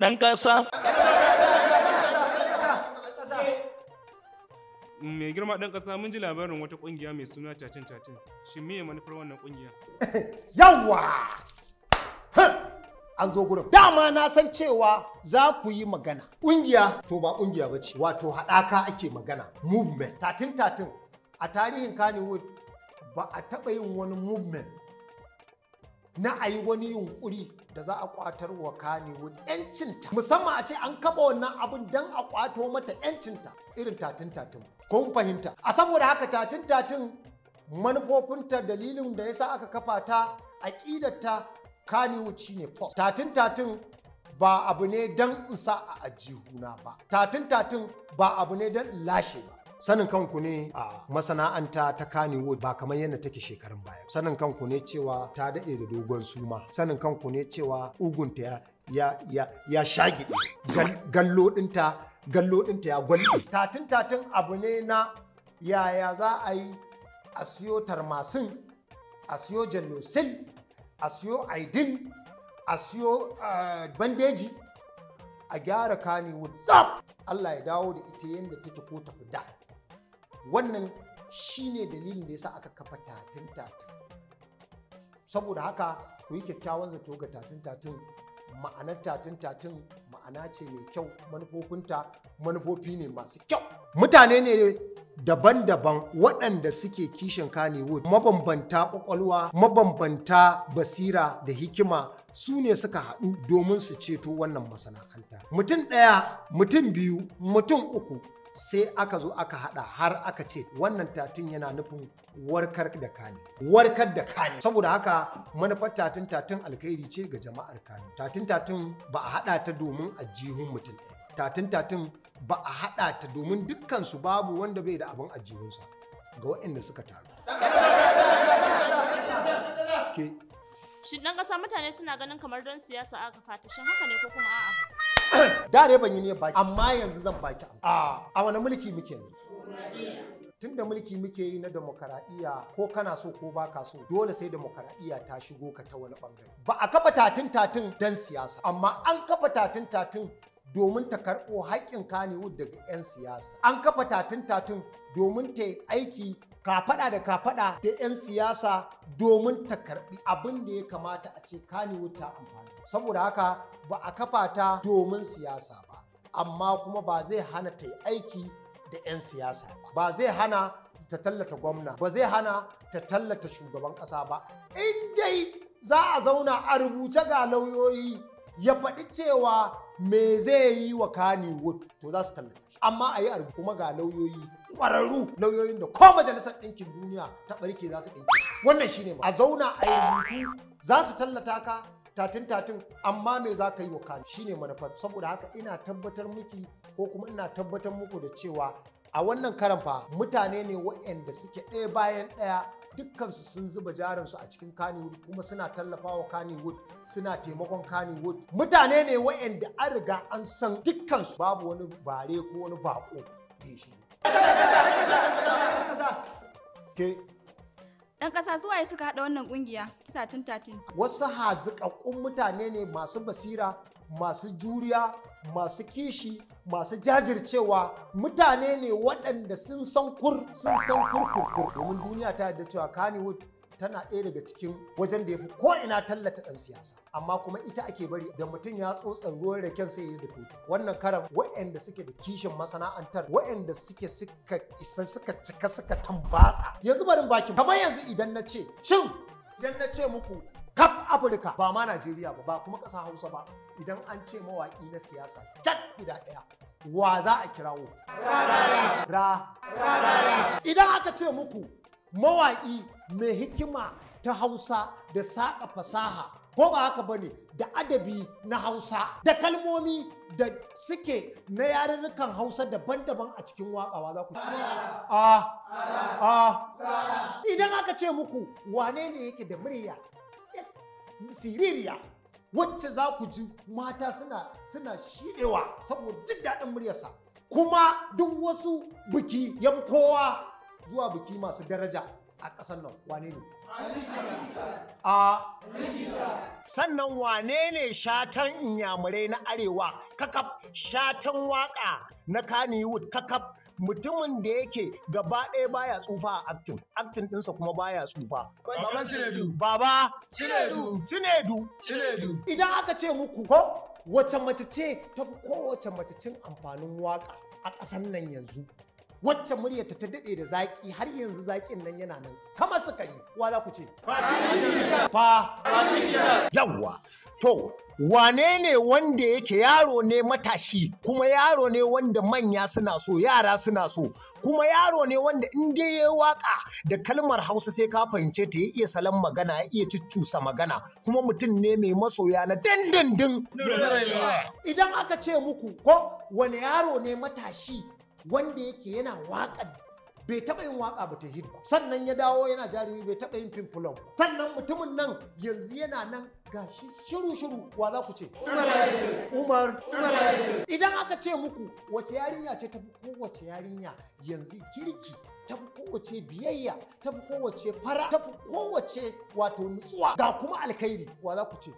ɗan ƙasa mai girma ɗan ƙasa mun ji labarin wata ƙungiya mai suna cacin cacin Shin me manufar wannan ƙungiya yawwa an zo gurin dama na san cewa za ku yi magana ƙungiya to ba ƙungiya ba ce wato haɗaka ake magana movement tatin tatin a tarihin Kanewood ba a taɓa yin wani movement na a yi wani yunkuri da za a kwatar wa Kannywood ‘yancinta. Musamman a ce an kaba wannan abin don a kwato mata ‘yancinta irin tatin tatin. Kun fahimta. A saboda haka tatin tatin manufofinta dalilin da ya sa aka kafa ta a aƙidarta Kannywood shine post. Tatin tatin ba abu ne don in sa a ajihuna ba. Tatin tatin ba abu ne don in lashe ba. sanin kanku ne a masana'anta ta kaniwood. ba kamar yadda take shekarun baya sanin kanku ne cewa ta daɗe da dogon suma sanin kanku ne cewa ugunta ya ya ya ya shagiɗe ya gwalli tatin tatin abu ne na yaya za a yi a siyo tarmasin a siyo jallosin a siyo aidin a siyo eh, bandeji a gyara Kannywood tsaf Allah ya dawo da ita yadda take ko tafi da wannan shine dalilin da yasa aka kafa tatin tatin saboda haka ku yi kyakkyawan zato ga tatin tatin ma'anar tatin tatin ma'ana ce mai kyau manufofinta manufofi ne masu kyau mutane ne daban-daban waɗanda suke kishin wood mabambanta ƙwaƙwalwa mabambanta basira da hikima su ne suka haɗu domin su ceto wannan masana'anta mutum ɗaya mutum biyu mutum uku sai aka zo aka hada har aka ce wannan tatin yana nufin warkar da kani warkar da kani saboda haka manufar tatin tatin alkhairi ce ga jama'ar kani tatin tatin ba a hada ta domin ajihun mutum ɗaya tatin tatin ba a hada ta domin dukkan su babu wanda bai da abin ajihunsa ga waɗanda suka taru shi ɗan ƙasa mutane suna ganin kamar don siyasa aka fata shin haka ne ko kuma a'a? da dai ban yi ne baki amma yanzu zan baki a a wani mulki muke yanzu tun da mulki muke yi na demokaraɗiyya ko kana so ko ba ka so dole sai demokaraɗiyya ta shigo ka ta wani bangare ba a kafa tatin tatin don siyasa amma an kafa tatin tatin domin ta karɓo haƙƙin Kannywood daga 'yan siyasa. An kafa tatun-tatun domin ta yi aiki kafaɗa da kafaɗa da 'yan siyasa domin ta karɓi abin da ya kamata a ce Kannywood ta amfani. Saboda haka ba a kafa ta domin siyasa ba, amma kuma ba zai hana ta yi aiki da 'yan siyasa ba. Ba zai hana ta tallata gwamna, ba zai hana ta tallata shugaban ƙasa ba. In dai za a zauna a rubuce ga lauyoyi ya faɗi cewa me zai yi wa Kannywood to za su tallata amma a yi kuma ga lauyoyi ƙwararru lauyoyin da ko majalisar ɗinkin duniya ta ɓarke za su ɗinki wannan shi ma. a zauna a yi hutu za su tallata ka tatin tatin amma me za ka yi wa Kani ne manufar saboda haka ina tabbatar miki ko kuma ina tabbatar muku da cewa a wannan karan fa mutane ne wa'anda suke ɗaya bayan ɗaya dukkansu sun zuba jarinsu a cikin Kannywood kuma suna tallafawa Kannywood suna taimakon Kannywood mutane ne wa'anda an riga an san dukkansu babu wani bare ko wani bako da shi Ɗan ƙasa zuwa ya suka haɗa wannan ƙungiya tatin tatin. Wasu haziƙaƙƙun mutane ne masu basira, masu juriya, masu kishi, masu jajircewa mutane ne waɗanda sun san kur sun san kurkurkur domin duniya ta yadda cewa Kannywood tana ɗaya daga cikin wajen da ya fi ina tallata ɗan siyasa amma kuma ita ake bari da mutum ya tsotsa ruwan raken sai ya yi da tuta wannan karan waɗanda suke da kishin masana'antar waɗanda suke suka isa suka cika suka tambatsa yanzu barin baki kamar yanzu idan na ce shin idan na ce muku kaf afirka ba ma najeriya ba ba kuma ƙasa hausa ba idan an ce mawaƙi na siyasa cat guda ɗaya wa za a kirawo ra idan aka ce muku mawaƙi mai hikima ta hausa da saƙa fasaha ko ba haka bane da adabi na hausa da kalmomi da suke na yarurrukan hausa daban-daban a cikin wa za ku a a idan aka ce muku wane ne yake da murya siririya wacce za ku ji mata suna suna shiɗewa saboda jin daɗin muryarsa kuma duk wasu biki yan kowa zuwa biki masu daraja a ƙasar nan wane ne? A sannan wane ne shatan inyamurai na arewa kakaf shatan waka na Kannywood kakaf mutumin da yake gaba ɗaya baya tsufa a aktin aktin ɗinsa kuma baya tsufa. Baban Cinedu. Baba. Cinedu. Cinedu. Cinedu. Idan aka ce muku ko wace mace ce ta kowace mace cin amfanin waka a ƙasar nan yanzu. wacce muryarta ta daɗe da zaƙi har yanzu zaƙin nan yana nan su kare wa za ku ce fa yawwa to wane ne wanda yake yaro ne matashi kuma yaro ne wanda manya suna so yara suna so kuma yaro ne wanda in dai ya waka da kalmar hausa sai ka fahimce ta ya iya salon magana ya iya cuccusa magana kuma mutum ne mai masoya na dindindin. idan aka ce muku ko wane yaro ne matashi wanda yake yana waƙa bai taɓa yin waƙa ba ta hidu sannan ya dawo yana jarumi bai taɓa yin fimfulon sannan mutumin nan yanzu yana nan gashi shiru shiru wa za ku ce umar idan aka ce muku wace yarinya ce ta fi kowace yarinya yanzu kirki ta kowace biyayya ta kowace fara ta kowace wato nutsuwa ga kuma alkhairi wa za ku ce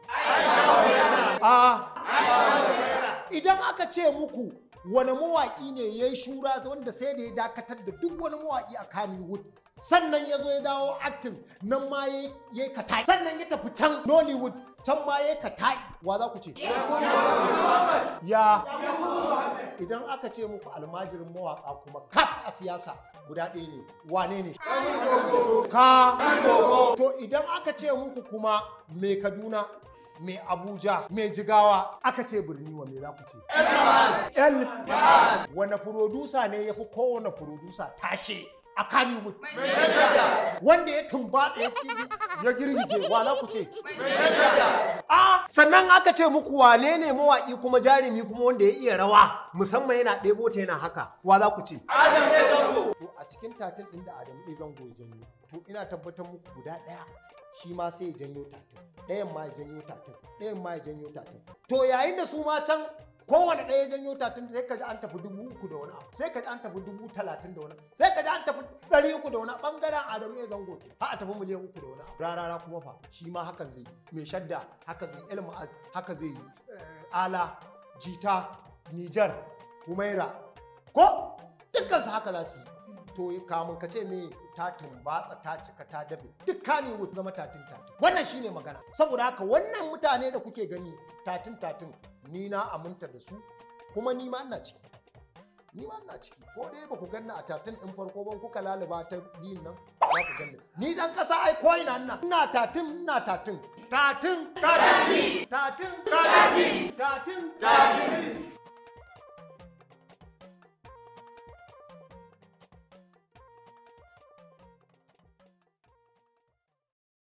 idan aka ce muku wani mawaƙi ne ya yi shura wanda sai da ya dakatar da duk wani mawaƙi a Kannywood. Sannan ya zo ya dawo acting nan ma ya yi katai. Sannan ya tafi can Nollywood can ma ya yi katai. Wa za ku ce? Ya. Idan aka ce muku almajirin mawaƙa kuma kaf a siyasa guda ɗaya ne wane ne? Ka. To idan aka ce muku kuma mai Kaduna mai Abuja, mai Jigawa, aka ce birni wa me za ku ce? El wani furodusa ne ya fi kowane furodusa tashe a Kannywood? Wanda ya tumbatsa ya ci ya girgije wa za ku ce? A sannan aka ce muku wane ne mawaƙi kuma jarumi kuma wanda ya iya rawa musamman yana ɗebo ta yana haka wa za ku ce? Adam ne zango. a cikin tatil ɗin da Adam ne zango ya janyo to ina tabbatar muku guda ɗaya shi ma sai ya janyo tatin ɗayan ma ya janyo tatin ɗayan ma ya janyo tatin to yayin da su ma can kowane ɗaya janyo tatin sai ka ji an tafi dubu uku da wani abu sai ka ji an tafi dubu talatin da wani sai ka ji an tafi ɗari uku da wani ɓangaren adamu ya zango har a tafi miliyan uku da wani abu rarara kuma fa shi ma hakan zai yi mai shadda haka zai ilmu haka zai yi eh, ala jita nijar humaira ko dukkansu haka za su yi to kamun ka ce me ta tumbatsa ta cika ta dabe duk wut zama tatin tatin wannan shine magana saboda haka wannan mutane da kuke gani tatin tatin ni na aminta da su kuma ni ma ina ciki ni ma ina ciki ko dai ba ku ganna a tatin din farko ban kuka laluba ta biyun nan ba ku ganni ni dan kasa ai ko ina ina ina tatin ina tatin tatin tatin tatin tatin tatin tatin